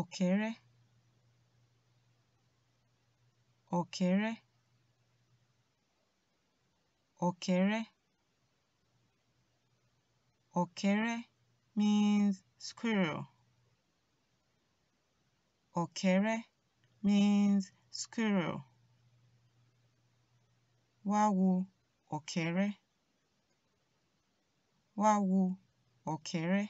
ọ̀kẹ́rẹ́ ọ̀kẹ́rẹ́ ọ̀kẹ́rẹ́ ọ̀kẹ́rẹ́ means squirrel ọ̀kẹ́rẹ́ means squirrel wá wo ọ̀kẹ́rẹ́ wá wo ọ̀kẹ́rẹ́